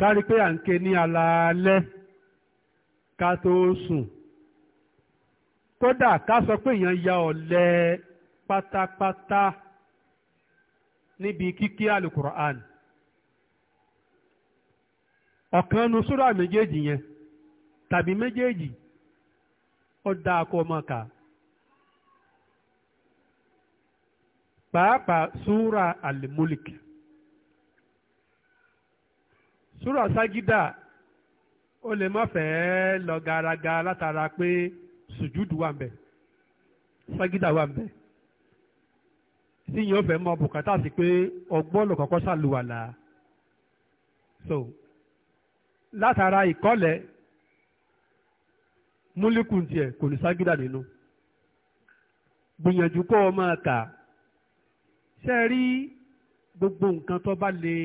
kárí pé à ń ké ní alaalẹ́ ká tó sùn kódà ká sọ pé èèyàn ya ọ̀lẹ pátápátá níbi kíké alukur'an ọ̀kan nu súrà méjèèjì yẹn tàbí méjèèjì ó dáa kó máa pàápàá alimulik. Sura ságídà ó lè má fẹ́ lọ garaga látara pé sùjúdù wà mbẹ ságídà wà mbẹ tí yìí ó fẹ́ mọ bùkátà sí pé ọgbọ́n ló kọ́kọ́ sàlùwàlà so látara ìkọ́lẹ̀ múlíkùn tiẹ̀ kò ní ságídà nínú gbìyànjú kó o máa kà ṣe gbogbo nǹkan tó bá lè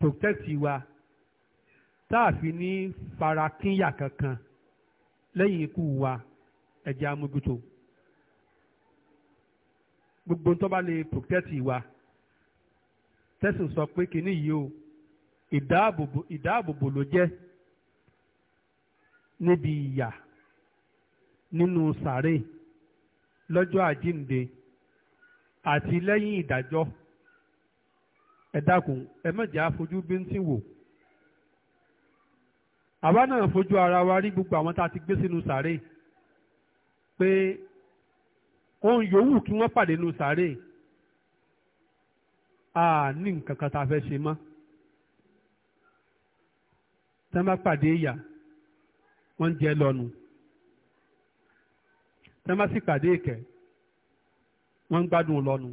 protẹ́tì wa tá a fi ní farakínyà kankan lẹ́yìn ikú wa ẹ̀jẹ̀ amójútó gbogbo tó bá lè protẹ́tì wa tẹ́sán sọ pé kínní yìí o ìdáàbòbò ìdáàbòbò ló jẹ́ níbi ìyà nínú sàárè lọ́jọ́ àjíǹde àti lẹ́yìn ìdájọ́ ẹ dákun ẹ má jẹ́ àfojú bíntín wò àwa náà fojú ara wa rí gbogbo àwọn tá a ti gbé sínú sàárè pé ohun yòówù kí wọ́n pàdé nínú sàárè a ní nǹkan kan tá a fẹ́ ṣe mọ́ tá a bá pàdé ìyà wọ́n ń jẹ lọ́nu tá a bá sì pàdé ìkẹ́ wọ́n ń gbádùn lọ́nu.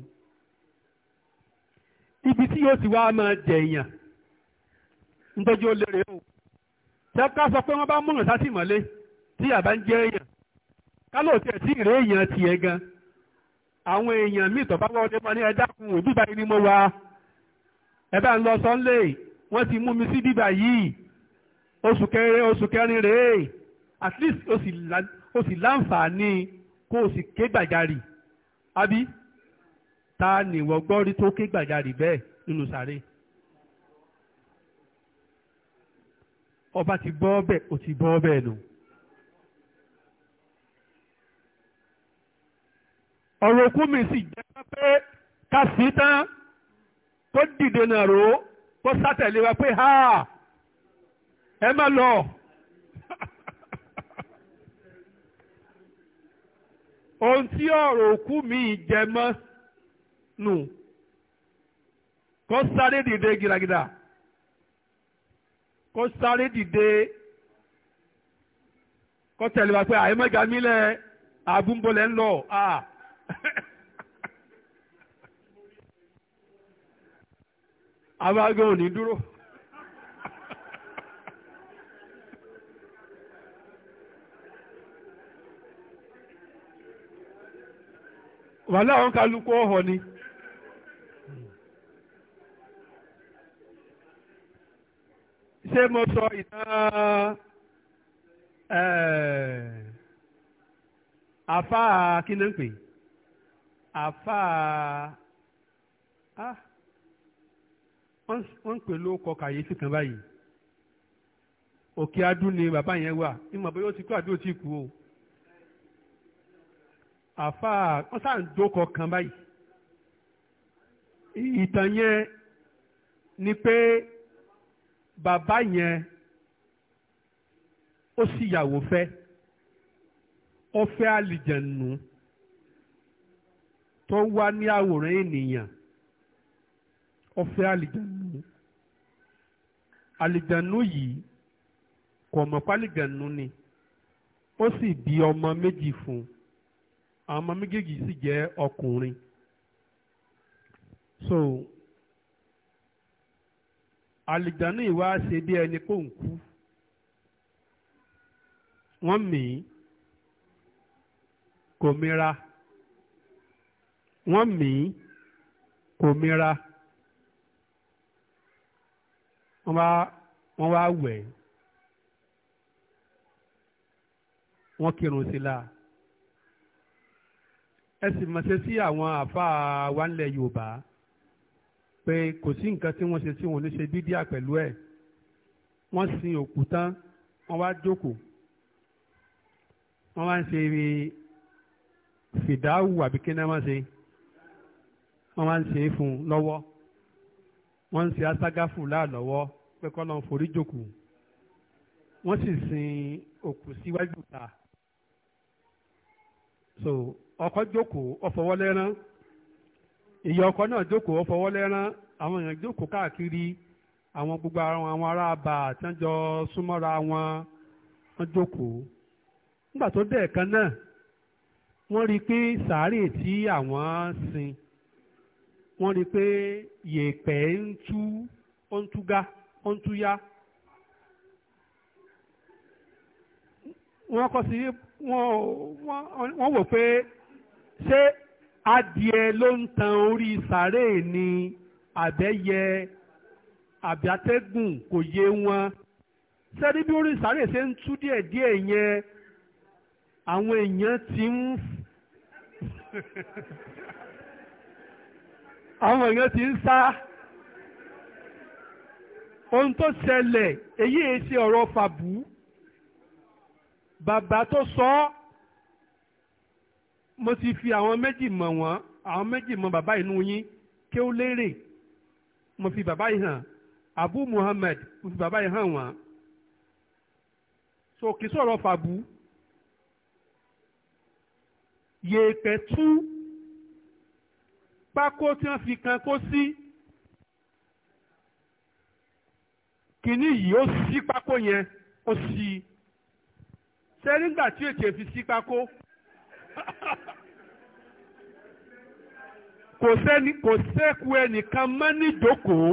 ibi tí yóò sì wá máa jẹ èèyàn nítorí ó lérè o ṣẹ́ká sọ pé wọ́n bá múyàn sátìmọ́lé tí àbá ń jẹ èèyàn kálọ̀ tiẹ̀ tí ìrè èèyàn tiẹ̀ gan àwọn èèyàn míì tọ́ba wọlé mọ́ ní ẹ dákun òbí báyìí ni mo wà ẹ bá ń lọ sọ́nlé wọ́n ti mú mi sí bíbá yìí oṣù kẹrin oṣù kẹrin rèé at least o sì láǹfààní kó o sì ké gbàjarì abi. ta ni wọ́n gbọ́ rí tó ké gbàjarì bẹ́ẹ̀ nínú sàré. ọba ti bọ́ bẹ́ẹ̀ ó ti bọ́ bẹ́ẹ̀ nù. ọ̀rọ̀ òkú mi sì jẹ́ pé ká sí tán kó dìde náà rò ó kó sátẹ̀lé wa pé ha ẹ má lọ. ohun tí ọ̀rọ̀ òkú mi jẹ mọ́. nù kó sáré dìde gíragídà kó sáré dìde kó tẹ̀lé wa pé àyèmẹ́gà mílẹ̀ àbúmbọ̀lẹ̀ ń lọ à. abágán ò ní dúró. wàhálà àwọn kálukú ọ̀họ̀ ni. ṣé mo sọ ìtàn afa kínàpè àfa wọ́n ń ah, pè lóko kàyéfì kan báyìí òkè adú ni bàbá yẹn wà ìmọ̀ bóyá ó ti kú àbí ó ti kú o àfa wọ́n sáà ń dókọ̀ kan báyìí ìtàn yẹn ni pé bàbá yẹn ó sì yàwó fẹ́ ó fẹ́ àlìjẹ̀nù tó wá ní àwòrán ènìyàn ó fẹ́ àlìjẹ̀nù àlìjẹ̀nù yìí kò mọ̀ pálìjẹ̀nù ni ó sì bí ọmọ méjì fún àwọn ọmọ méjèèjì sì jẹ́ ọkùnrin so àlìjáná ìwà ṣe bí ẹni kó ń kú wọ́n mì í kò mira wọ́n mì í kò mira wọ́n wá wọ́n wá wẹ̀ wọ́n kírun sí la ẹ sì mọ̀ ṣe sí àwọn àfa wa ńlẹ̀ Yorùbá pé kò sí nǹkan tí wọ́n ṣe tí wọ́n lè ṣe bídíà pẹ̀lú ẹ̀ wọ́n sin òkú tán wọ́n wá jókòó wọ́n wá ń ṣe fìdáwù àbí kí náà wọ́n ṣe wọ́n wá ń ṣe é fún un lọ́wọ́ wọ́n ń ṣe aságáfù láàlọ́wọ́ pé kọ́ lọ́n forí jókòó wọ́n sì sin òkú síwájú ta so ọkọ̀ jókòó ọ̀fọwọ́lẹ́rán ìyá ọkọ náà jókòó fọwọ́ lẹ́rán àwọn èèyàn jókòó káàkiri àwọn gbogbo àwọn àwọn ará bá àtẹ́jọ́ súnmọ́ra wọn wọ́n jókòó nígbà tó dẹ̀ kan náà wọ́n rí i pé sàárè tí àwọn sin wọ́n rí i pé yèèpẹ̀ ń tú ó ń túgá ó ń túyá wọ́n kọ́ sí wọ́n wọ́n wò pé ṣé adìẹ ló ń tan orí sàárè ni àbẹ́yẹ àbátẹ́gùn kò yé wọn sẹ́ni bí orí sàárè ṣe ń tú díẹ̀díẹ̀ yẹn àwọn èèyàn ti ń àwọn èèyàn ti ń sá ohun tó ṣẹlẹ̀ èyí èsì ọ̀rọ̀ fàbù bàbá tó sọ ọ́ mo ti fi àwọn méjì mọ̀ wọ́n àwọn méjì mọ̀ bàbá inú yín kí ó lérè mo fi bàbá yìí hàn Abu Muhammad mo fi bàbá yìí hàn wọ́n so kì í sọ̀rọ̀ fàbú yèèpẹ̀ tú pákó tí wọ́n fi kan kó sí kìíní yìí ó sí pákó yẹn ó sí ṣé nígbà tí èkè fi sí pákó. kò sẹ́ni kò sẹ́kù ẹnìkan mọ́ níjókòó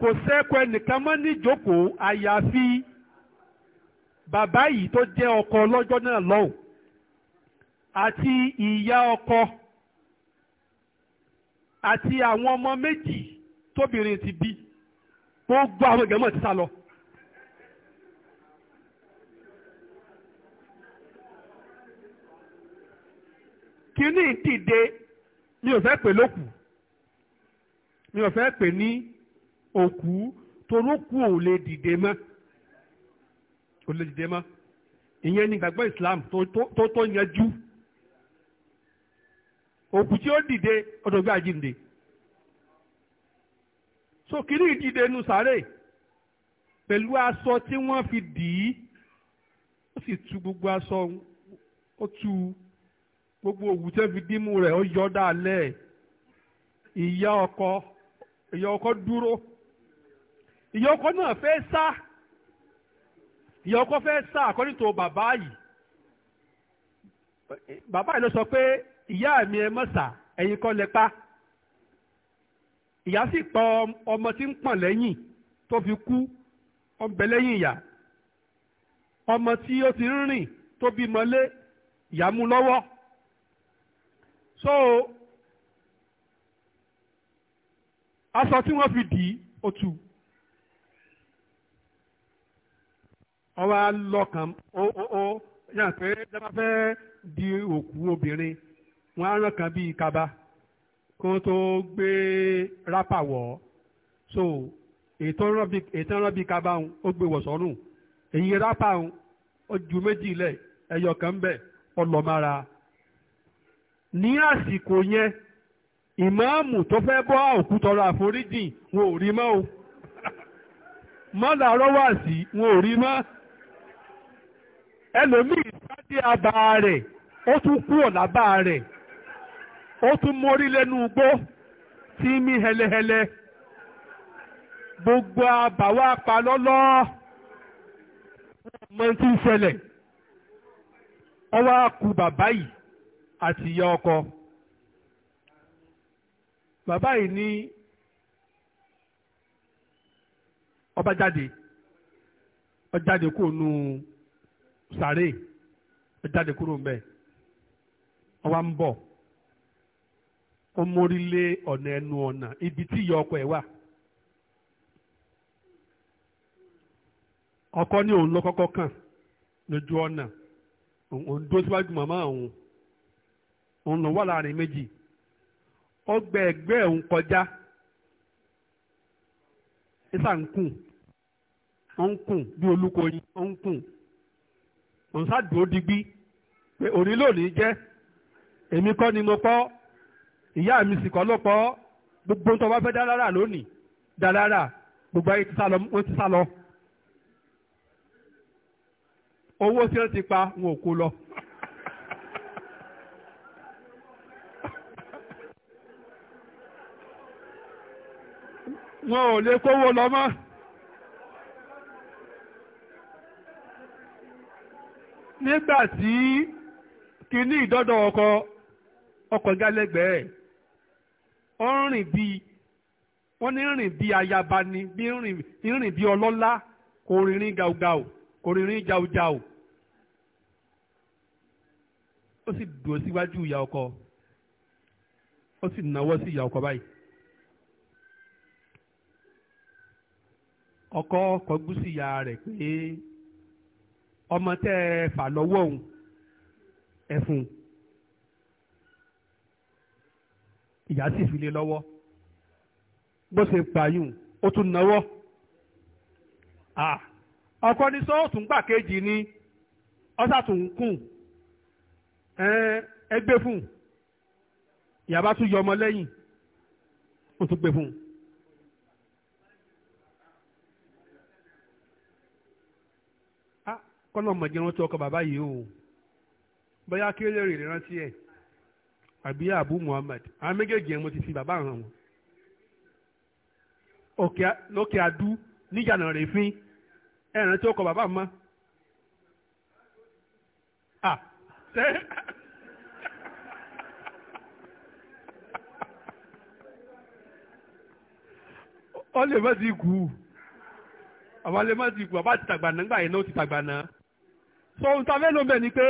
kò sẹ́kù ẹnìkan mọ́ níjókòó àyàfi bàbá yìí tó jẹ́ ọkọ lọ́jọ́ náà lọ́hùn àti ìyá ọkọ àti àwọn ọmọ méjì tóbìnrin ti bí gbogbo àwọn ìgbẹ́mọ̀ ti sá lọ. kíní dìde mi ò fẹ́ pè lókù mi ò fẹ́ pè ní òkú torókù ò lè dìde mọ́ ò lè dìde mọ́ ìyẹn ni ìgbàgbọ́ Islam tó tó yanjú òkú tí ó dìde ọdọ̀ gbé àjíǹde so kíní ìdìde nu sáré pẹ̀lú aṣọ tí wọ́n fi dì í ó sì tu gbogbo aṣọ ó tu gbogbo òwú tẹ́ fi dímú rẹ̀ ó yọ dáalẹ́ ìyá ọkọ ìyá ọkọ dúró ìyá ọkọ náà fẹ́ sá ìyá ọkọ fẹ́ sá according to bàbá yìí bàbá yìí ló sọ pé ìyá mi ẹ má sá ẹ̀yin kọ́ lẹ pa ìyá sì pa ọmọ tí ń pọ̀n lẹ́yìn tó fi kú ọbẹ̀ lẹ́yìn ìyá ọmọ tí ó ti ń rìn tó bímọ lé ìyá mú lọ́wọ́ so aṣọ tí wọ́n fi dì í o tú ọba lọ́kàn ó ó ó yàn pé dábàá fẹ́ di òkú obìnrin wọ́n á ràn bíi kaba kí wọ́n tó gbé rápà wọ̀ so ètò ìrànbí kaba ń ó gbé wọ̀ sọ́rùn èyí rápà ń ó ju méjì lẹ̀ ẹyọ kan ń bẹ̀ ọlọ́mára. ní àsìkò yẹn ìmáàmù tó fẹ́ bọ́ òkú tọrọ àforíjìn wọn ò rí mọ́ o mọ́là rọ́wà sí wọn ò rí mọ́ ẹlòmíì sáde àbá rẹ̀ ó tún kú ọ̀làbá rẹ̀ ó tún mórí lẹ́nu tí hẹlẹhẹlẹ gbogbo àbáwá pa lọ́lọ́ ọmọ tí ń ṣẹlẹ̀ ku bàbá yìí àti ìyá ọkọ bàbá yìí ní ọba jáde ọjáde kúrò nù sàré ọjáde kúrò mbẹ ọwá ń bọ̀ ó mórí lé ọ̀nà ẹnu ọ̀nà ibi tí ìyá ọkọ ẹ̀ wà. ọkọ ní òun lọ kọ́kọ́ kàn lójú ọ̀nà òun dó síwájú màmá òun òun ló wà láàrin méjì ó gbẹ ẹgbẹ́ òun kọjá ìsà ń kùn ó ń kùn bí olúkoyin ó ń kùn òun ṣàdùn digbí pé òní lónìí jẹ́ èmi kọ́ ni mo pọ́ ìyá mi sì kọ́ ló pọ́ gbogbo tó bá fẹ́ dá lára lónìí dá lára gbogbo ayé ti sá wọ́n ti sá owó tí wọ́n ti pa wọn ò kó lọ. wọn ò lè kówó lọ mọ́. nígbà tí kinní ìdọ́dọ̀ ọkọ ọkọ gálẹ́gbẹ̀ẹ́ ọ ń rìn bíi wọ́n ní rìn bí ayaba ni bí rìn bíi ọlọ́lá kò rìnrìn gàùgàù kò rìnrìn jàùjàù ó sì dùn síwájú ìyá ọkọ ó sì náwó sí ìyá ọkọ báyìí. ọkọ kọgbú sí ìyá rẹ̀ pé ọmọ tẹ́ ẹ fà lọ́wọ́ òun ẹ̀fun ìyá sì fi lé lọ́wọ́ bó ṣe pààyàn ó tún náwọ́ ọkọ ní sọ́ọ̀tún gbà kejì ni ọ́sàtún kùn ẹgbẹ́ fún ìyá bá tún yọ ọmọ lẹ́yìn ó tún gbé fún un. kọ́lọ́mọ̀jẹ́ rántí ọkọ bàbá yìí o bóyá kéré rèé rántí ẹ̀ àbí abu muhammad àwọn méjèèjì yẹn mo ti fi bàbá hàn wọn lókè adú níjànà rè fín rántí ọkọ bàbá mọ́ ah ọ lè má ti kú lè má ti kú ti tàgbà náà so ohun tá fẹ́ lò bẹ́ẹ̀ ni pé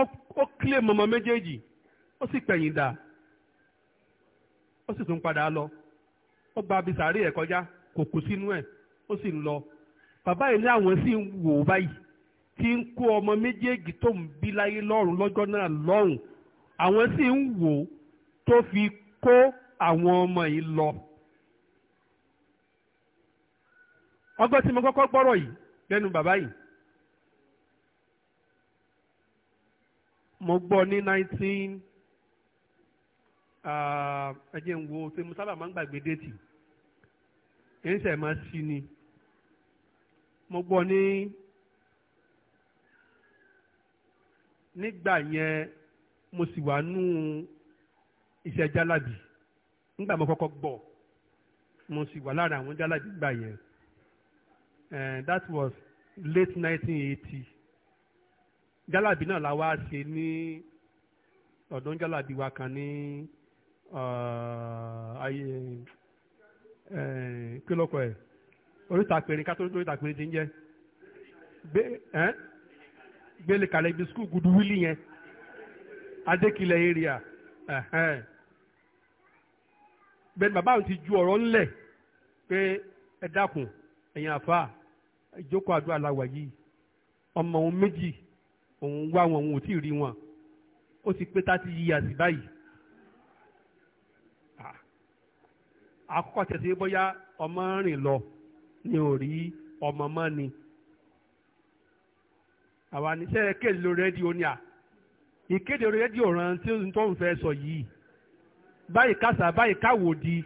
ó kílè mọ́mọ́ méjèèjì ó sì pẹ̀yìn dà ó lọ ó gba bisari ẹ̀ kọjá kò kú sínú ẹ̀ ó lọ bàbá ní àwọn sì wò báyìí tí ń kó ọmọ méjèèjì tó ń bí láyé lọ́rùn lọ́jọ́ náà lọ́rùn àwọn sì ń wò ó ọmọ yìí lọ. tí mo kọ́kọ́ gbọ́rọ̀ mo gbọ́ ní nineteen ah, ẹ jẹ́ ń wo ṣé mo sábà máa ń gbàgbé déètì ẹ̀ ń sẹ̀ máa ṣí ni mo gbọ́ ní nígbà yẹn mo sì wà nú iṣẹ́ jálàbì nígbà mo kọ́kọ́ gbọ́ mo sì wà lára àwọn jálàbì gbà yẹn eh, that was late 1980 jálàbí náà la wá ṣe ní ọ̀dọ́ jálàbí wa kan ní uh, ayé kí ló kọ ẹ̀ oríta pèrè kátólítì oríta pèrè ti ń jẹ́ gbélé kalẹ̀ ibi skul gudu wílì yẹn adékilẹ̀ area bẹ́ẹ̀ bàbá mi ti ju ọ̀rọ̀ ńlẹ̀ pé ẹ dákun ẹ̀yin àfa ìjókòó àdúrà la wà yìí ọmọ òun méjì òun wá wọn òun ò tí ì rí wọn ó ti pé thirty years báyìí ah. àkọ́kọ́ tẹ̀sí bóyá ọmọ rìn lọ ni ò rí ọmọ mọ́ ni àwa níṣẹ́ kéde lórí rédíò ni à ìkéde lórí rédíò ràn tí n tó ń fẹ́ sọ yìí báyìí kásá báyìí káwò di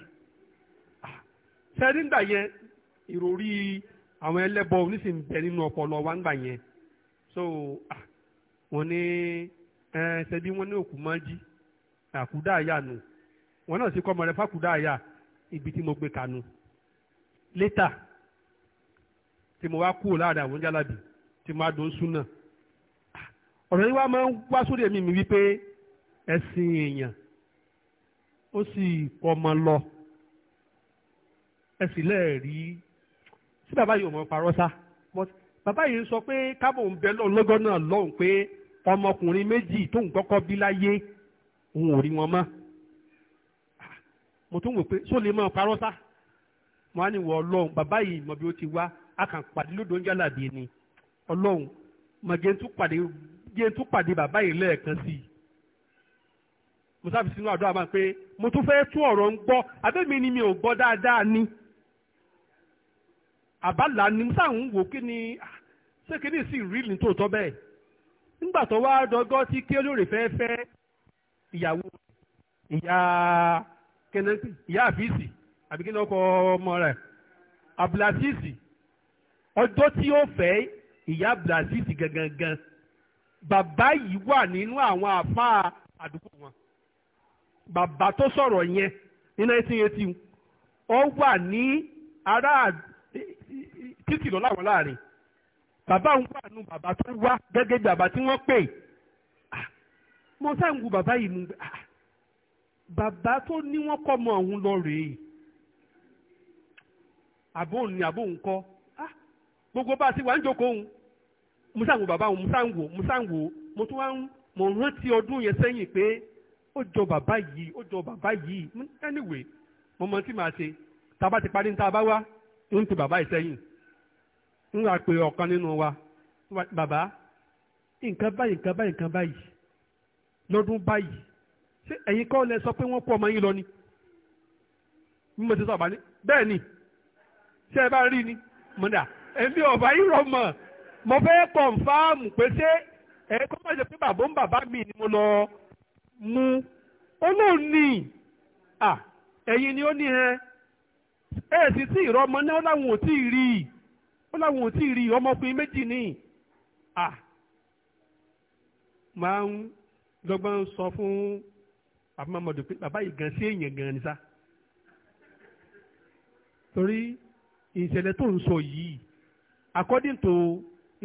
sẹ́ni ah. gbà yẹn ìròrí àwọn ẹlẹ́bọ oníṣìí nínú ọpọlọ wa ń gbà yẹn so. Ah wọ́n ní ṣebí wọ́n ní òkú máa ń jí àkúdà àyà nù wọ́n náà sì kọ́ ọmọ rẹ̀ fàkúdà àyà ibi tí mo gbé kànú létà tí mo wá kúrò láàrin àwọn jálàbì tí mo á dùn sún náà ọ̀rọ̀ yìí wá máa ń wá sórí ẹ̀mí mi wípé ẹ̀sìn èèyàn ó sì kọ́ ọmọ lọ ẹ̀sìn lẹ́ẹ̀rí sí bàbá yìí ò mọ̀ parọ́ sá bàbá yìí sọ pé kábọ̀ ń bẹ lọ́gọ́ náà lọ́hùn pé ọmọkùnrin méjì tóun kọ́kọ́ bí láyé òun ò rí wọn mọ́ mo tún wò pé só lè máa parọ́ sá wọn á ní wọ ọlọ́run bàbá yìí mọ bí ó ti wá a kàn pàdé lódò ń jálàbí ni ọlọ́run mọ jẹ́ ń tún pàdé bàbá yìí lẹ́ẹ̀kan sí i mo sábì sínú àdúrà máa pé mo tún fẹ́ tún ọ̀rọ̀ ń gbọ́ abẹ́mi ni mi ò gbọ́ dáadáa ni àbálà ni mo sáà ń wò kí ni ah, ṣé kí ni sì rí ní tòótọ́ bẹ́ẹ̀ nígbà tó wá dọgọ́ tí kí olóòrè fẹ́ fẹ́ ìyàwó ìyá kẹnẹtì ìyá àfíìsì àbí kí ni ọkọ ọmọ rẹ̀ abdulazizi ọjọ́ tí ó fẹ́ ìyá abdulazizi gangan bàbá yìí wà nínú àwọn àfáà àdúgbò wọn bàbá tó sọ̀rọ̀ yẹn ní 1980 ó wà ní ará títì lọ́láwọ̀ láàrin bàbá ń wà nù bàbá tó wá gẹ́gẹ́ bí bàbá tí wọ́n pè mo sáà ń wu bàbá yìí nù bàbá tó ní wọ́n kọ́ ọmọ ọ̀hún lọ rèé àbóhùn ni àbóhùn kọ́ gbogbo bá a ti wà ń jókòó òun mo sáà ń wo bàbá òun mo sáà ń wò mo sáà ń wò mo tún wá ń mo rántí ọdún yẹn sẹ́yìn pé ó jọ bàbá yìí ó jọ bàbá yìí anyway mo mọ tí màá ṣe tá a bá ti parí ní tá a bá wá ń ti bàbá yìí sẹ́yìn ńlá pé ọ̀kan nínú wa bàbá nǹkan báyìí nǹkan báyìí nǹkan báyìí lọ́dún báyìí ṣé ẹ̀yin kọ́ lẹ sọ pé wọ́n kó ọmọ yín lọ ni bí mo ti sọ ọ̀bá ní bẹ́ẹ̀ ni ṣé ẹ bá rí ni mo dà èmi ọ̀bá yìí rọ mọ̀ mo fẹ́ kọ̀ǹfàmù pé ṣé ẹ kọ́ mọ̀ ṣe pé bàbá ń bàbá mi ni mo lọ mú ó lóun ní ẹ̀yin ni ó ní ẹ ẹ̀ sì tí ìrọmọ náà láwọn ò tí ì rí i ó láwọn ò tí ì rí ọmọkùnrin méjì ní à máa ń dọ́gbọ́n sọ fún àbámọ́mọ́dé pé bàbá yìí gan sí èèyàn gan ni sá torí ìṣẹ̀lẹ̀ tó ń sọ yìí according to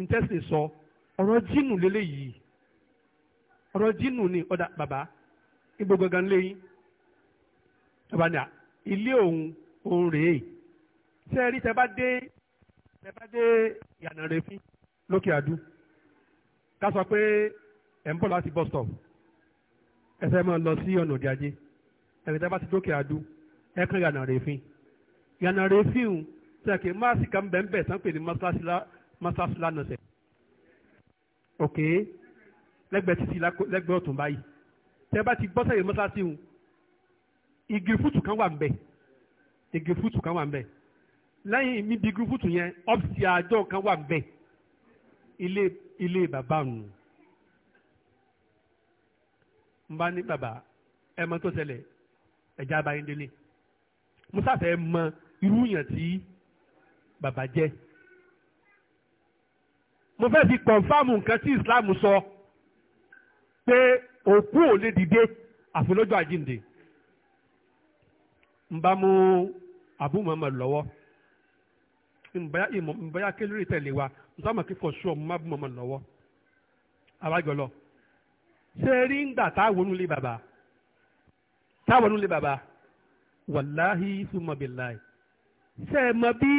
intestine sọ ọ̀rọ̀ jínù lélẹ́yìí ọ̀rọ̀ jínù ni ọ̀dà bàbá ibo gangan lẹ́yìn bàbá ni à ilé òun òun rèé sẹ́ẹ̀rí tẹ́ bá dé ẹ bá dé ìyànà rẹ fín lókè àdú ká sọ pé ẹ̀ ń bọ̀ láti bus stop ẹsẹ̀ máa lọ sí ọ̀nà òde ajé ẹ̀rẹ̀ tá bá ti dókè àdú ẹ kàn ìyànà rẹ fín ìyànà rẹ fín o tí a kì í máa sì kà ń bẹ̀ ń bẹ̀ sàn pé ní mọ́sáàsì lánàá sẹ̀ òkè lẹ́gbẹ̀ẹ́ títí lẹ́gbẹ̀ẹ́ ọ̀tún báyìí tẹ́ bá ti gbọ́ sẹ́yìn mọ́sáàsì o igi fútù kan wà ń bẹ̀ igi fútù kan wà ń bẹ̀ lẹ́yìn mi bí gúrúpù tù yẹn ọ́fíìsì àjọ kan wà bẹ́ẹ̀ ilé ilé bàbá nù n bá ní bàbá ẹ mọ tó ṣẹlẹ̀ ẹ̀já abayín délé mo sáfẹ́ mọ irú yàn tí bàbá jẹ́ mo fẹ́ fi kọ̀nfàmù nǹkan tí Islam sọ pé òkú ò lè dìde àfi lọ́jọ́ àjíǹde n bá mú Abu Muhammad lọ́wọ́ ìbáyà kélórì tẹ̀lé wa nítorí àmọ̀ kíkọ̀ sùọ́ mo má bú mọ́mọ́ lọ́wọ́ àwájọ lọ ṣé rí ń gbà táwọn onúlé bàbá táwọn onúlé bàbá wàláhì sùmọ̀bìláì ṣé ẹ mọ bí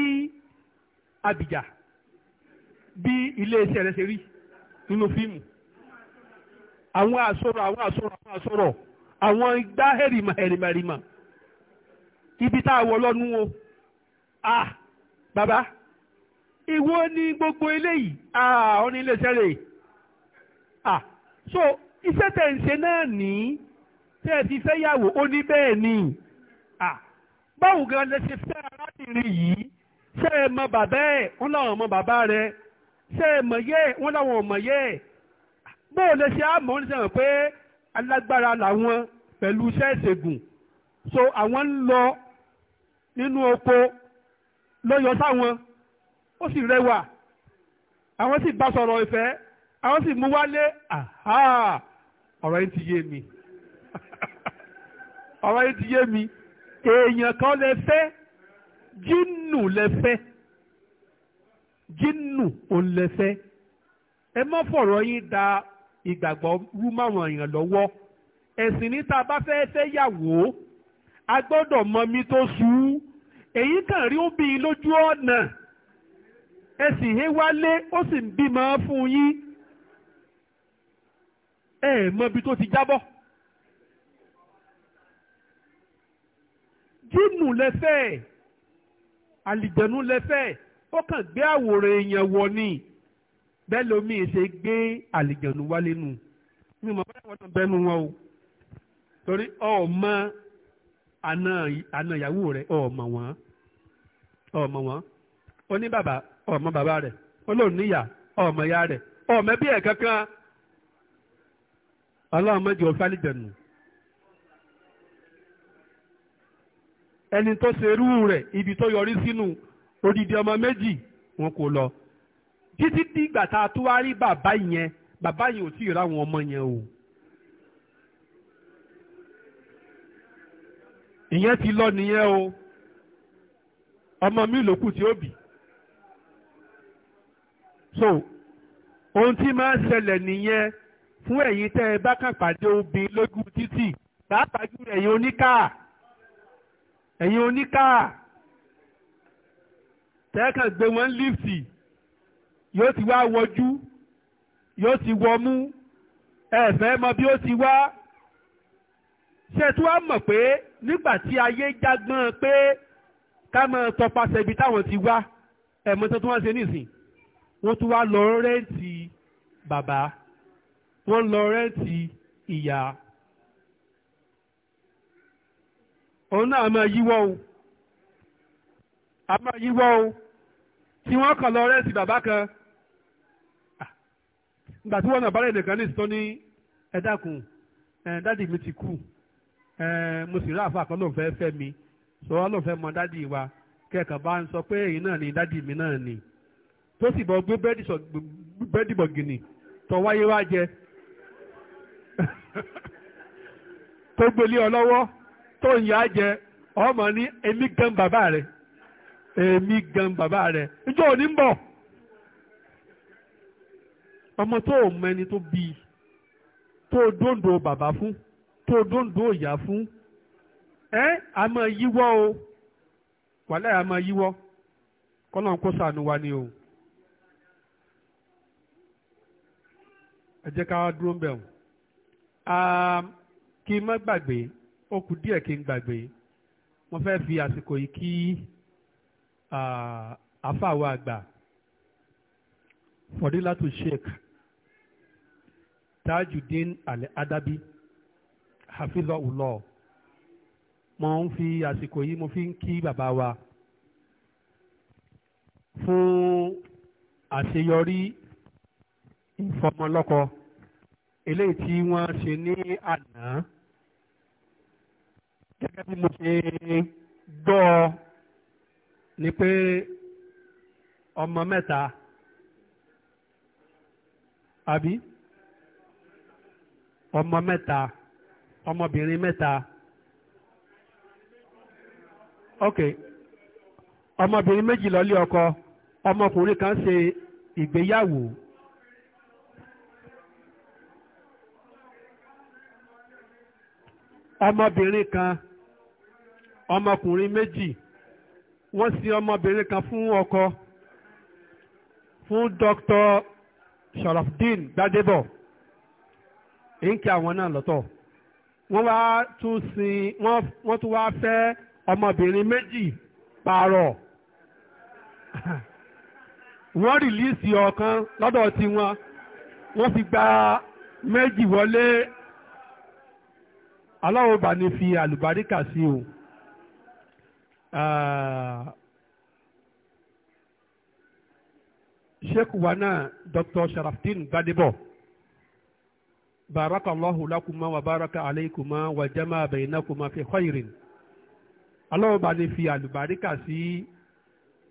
Abidjan bí iléeṣẹ́ rẹ̀ ṣe rí nínú fíìmù àwọn àsọ̀rọ̀ àwọn àsọ̀rọ̀ àwọn àsọ̀rọ̀ àwọn igbá hẹ̀rìmà hẹ̀rìmà hẹ̀rìmà ibi tá a wọ lọ́nu o ah Baba, ìwọ ni gbogbo eléyìí ah ó ní iléeṣẹ́ rẹ̀ ah so iṣẹ́ tẹ̀ ń ṣe náà ní tẹ́ ẹ ti fẹ́ yàwó ó ní bẹ́ẹ̀ ni ah báwo gan lẹ ṣe fẹ́ arábìnrin yìí ṣé ẹ mọ bàbá ẹ wọn làwọn mọ bàbá rẹ ṣé ẹ mọ yẹ ẹ wọn làwọn mọ yẹ ẹ lè ṣe àmọ́ ní sẹ́wọ̀n pé alágbára làwọn pẹ̀lú iṣẹ́ ìṣègùn so àwọn ń lọ nínú oko ló yọ sáwọn ó sì rẹwà àwọn sì bá sọ̀rọ̀ ìfẹ́ àwọn sì mú wálé àhá ọ̀rọ̀ yìí ti yé mi ọ̀rọ̀ yìí ti yé mi èèyàn kan lè fẹ́ jínù lè fẹ́ jínù òun lè fẹ́ ẹ má fọ̀rọ̀ yín da ìgbàgbọ́ rú máwọn èèyàn lọ́wọ́ ẹ̀sìn ní tá a bá fẹ́ fẹ́ yàwó a gbọ́dọ̀ mọ mi tó sú èyí kan rí obi lójú ọ̀nà ẹ sì hé wálé ó sì ń bímọ fún yín ẹ mọ tó ti jábọ́. jínù lẹ́fẹ̀ẹ́ àlìjẹ̀nú lẹ́fẹ̀ẹ́ ó kàn gbé àwòrán èèyàn wọ̀ ni bẹ́ẹ̀ lomi ṣe gbé wálé mi mọ̀ wọn o torí ọmọ. ma. àna àna ìyàwó rẹ̀ ọmọ wọn ọmọ wọn ó ní bàbá ọmọ bàbá rẹ̀ olóòn níyà ọmọ ìyá rẹ̀ ọmọ ẹbí ẹ̀ kankan ọlọ́run mẹ́jọ fálíjẹ̀nù ẹni tó ṣerú rẹ̀ ibi tó yọrí sínú odidi ọmọ méjì wọn kò lọ títí dìgbà tá a tó wá rí bàbá yẹn bàbá yẹn ò tí ì ráwọn ọmọ yẹn o. ìyẹn ti lọ nìyẹn o ọmọ mi lòkù tí ó bì so ohun tí máa ń ṣẹlẹ̀ nìyẹn fún ẹ̀yin tẹ́ ẹ bá kàn pàdé obìnrin lójú títì pàápàá jùlọ ẹ̀yin oníkàá ẹ̀yin oníkàá tẹ́ẹ̀kan gbé wọn lífì yóò ti wá wọjú yóò ti wọmú ẹ̀fẹ́ mọ bí ó ti wá ṣe wa wàá mọ̀ pé nígbà tí ayé jágbọ́n pé ká máa tọpasẹ̀ ibi táwọn ti wá ẹ̀mọ́ tó tún wá ṣe nísìn wọ́n tún wá lọ rẹ́ǹtì bàbá wọ́n lọ rẹ́ǹtì ìyá òun náà máa yíwọ́ o a máa yíwọ́ o tí wọ́n kàn lọ rẹ́ǹtì bàbá kan nígbà tí wọ́n náà bá rẹ̀ nìkan ní ìsìtọ́ ní ẹ ẹ̀ dádì mi ti kú mo sì rí àfa kan ló ń fẹ́ fẹ́ mi sọ wá ló ń fẹ́ mọ dádì wa kẹ́ẹ̀kan bá ń sọ pé èyí náà ni dádì mi náà ni tó sì bọ́ gbé bẹ́ẹ̀dì bọ̀gìnì tó wáyé wá jẹ tó gbélé ọ lọ́wọ́ tó ń yà jẹ ọmọ ní èmi gan bàbá rẹ èmi gan bàbá rẹ ìjọ òní ń bọ̀ ọmọ tó mẹni tó bí tó dóńdó bàbá fún. tó dóńdó ìyá fún ẹ a máa yíwọ́ o wàhálà a máa yíwọ́ kọ́nà kó sànù wa ni o. ẹ jẹ́ ká wá dúró ń bẹ̀ wọ́n kí n má gbàgbé ó kù díẹ̀ kí n gbàgbé mo fẹ́ fi àsìkò yìí kí àfàwọ̀ àgbà fọdílátù sheikh tajudeen al-adabi. hafizahullah mo ń fi àsìkò yìí mo fi ń kí bàbá wa fún àṣeyọrí ìfọmọlọ́kọ eléyìí tí wọ́n ṣe ní àná gẹ́gẹ́ bí mo ṣe gbọ́ ni pé ọmọ mẹ́ta àbí ọmọ mẹ́ta. ọmọbìnrin mẹ́ta ok ọmọbìnrin méjì lọ́lé ọkọ ọmọkùnrin kan ṣe ìgbéyàwó ọmọbìnrin kan ọmọkùnrin méjì wọ́n sin ọmọbìnrin kan fún ọkọ fún Dr. Sharafdin Gbadebo ń kí àwọn náà lọ́tọ̀. wọ́n wá tún sin wọ́n tún wá fẹ́ ọmọbìnrin méjì pààrọ̀ wọ́n rìlíìsì ọ̀kan lọ́dọ̀ tiwọn wọ́n fi gba méjì wọlé aláwo bá ní fi àlùbáríkà sí o ah. sheikh wa náà dr sharafdin gbadebo barakallahu lakuma wa baraka alaykuma wa jama bainakuma fi khairin Allah bá ní fi àlùbáríkà sí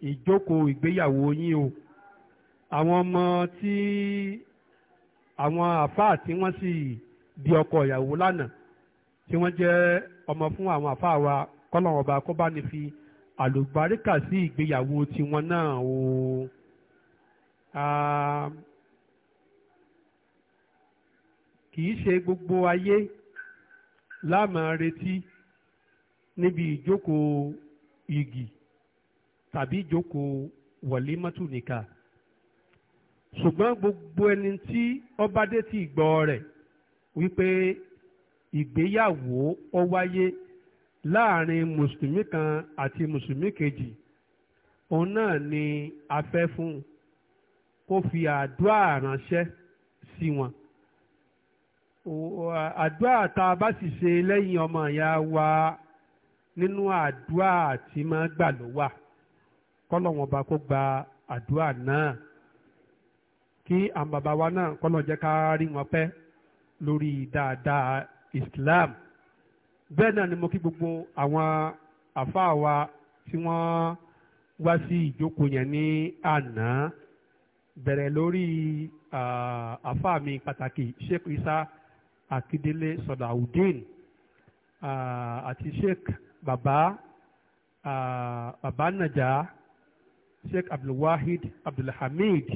ìjókòó ìgbéyàwó yín o àwọn ọmọ tí àwọn àfáà tí wọ́n sì di ọkọ ìyàwó lánàá tí wọ́n jẹ́ ọmọ fún àwọn àfáà wa kọ́lọ́wọ́n ọba kó bá ní fi àlùbáríkà sí ìgbéyàwó tiwọn náà o. Uh, kì í ṣe gbogbo ayé la máa retí níbi ìjókòó igi tàbí ìjókòó wọ̀límọ́tò nìkan ṣùgbọ́n gbogbo ẹni tí ọba dé ti gbọ́ rẹ̀ wípé ìgbéyàwó ó wáyé láàrin mùsùlùmí kan àti mùsùlùmí kejì òun náà ni a fẹ́ fún kó fi àdúrà ránṣẹ́ sí wọn àdúrà tá a bá sì ṣe lẹ́yìn ọmọ ìyá wa nínú àdúrà tí máa gbà ló wà kọ́lọ̀wọ̀n bá kó gba àdúrà náà kí àwọn bàbá wa náà kọ́lọ̀ jẹ́ ká rí wọn pẹ́ lórí dáadáa Islam bẹ́ẹ̀ náà ni mo kí gbogbo àwọn àfáà wa tí wọ́n wá sí ìjókòó yẹn ní àná bẹ̀rẹ̀ lórí àfáà mi pàtàkì Sheikh Isa. Akidele sọ̀dàwùdín ah, àti sheikh baba ah, baba naja sheikh abdulwahid abdulhamid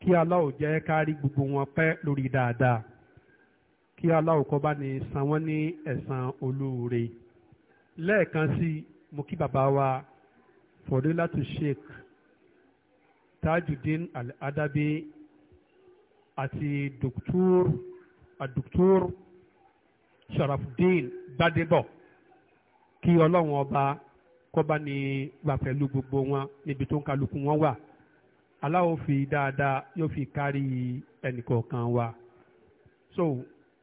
kí aláwọ̀ jẹ́ kárí gbogbo wọn pẹ́ lórí dáadáa kí aláwọ̀ kọ́ bá ní san wọ́n ní ẹ̀san olóore lẹ́ẹ̀kan sí mo kí bàbá wa fọdúlátù sheikh tajudeen al-adabi àti dr àdùkútúr sharafudin gbadebo kí ọlọ́run ọba kọ́ba ní wà pẹ̀lú gbogbo wọn níbi tó ń kálukú wọn wà aláwo fi dáadáa yóò fi kárí ẹnìkọ̀ọ̀kan wa so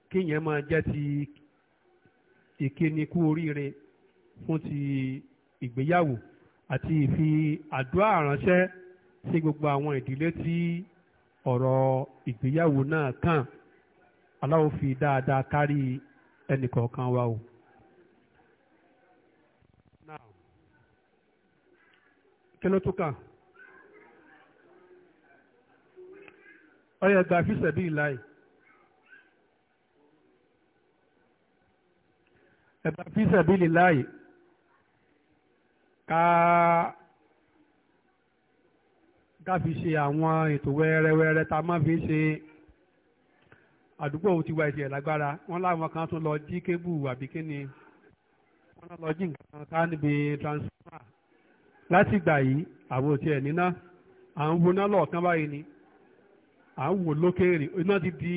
kíyẹn máa jẹ́ ti ìkíni kú oríire fún ti ìgbéyàwó àti ìfi àdúrà ránṣẹ́ sí gbogbo àwọn ìdílé tí ọ̀rọ̀ ìgbéyàwó náà kàn aláwo fi dáadáa kárí ẹnìkọ̀ọ̀kan wa o. kí ló tún kàn? ọyọ ẹgbàá fi sẹ̀bí ìláyìí. ẹ̀bá fi sẹ̀bílì láàyè ká ká fi ṣe àwọn ètò wẹ́rẹ́wẹ́rẹ́ tá a máa fi ṣe àdúgbò ti wá ẹsẹ̀ lágbára wọn láwọn kan tún lọ jí kébù àbí kíni wọ́n lọ jí nǹkan ká níbi transformer láti gbà yìí àwọn ẹ̀ níná à ń woná lọ́ọ̀kan báyìí ni à ń wò lókèèrè di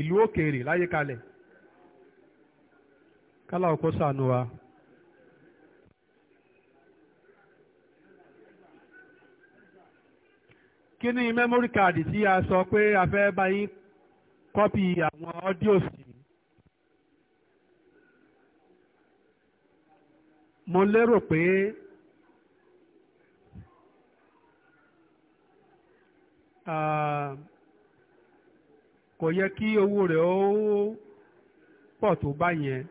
ìlú òkèèrè láyé kalẹ̀ kálá sànù wa. kí ni tí a sọ pé kọ́pì àwọn ọ́díò sí. mo lérò pé kò yẹ kí owó rẹ̀ ó pọ̀ tó báyẹn.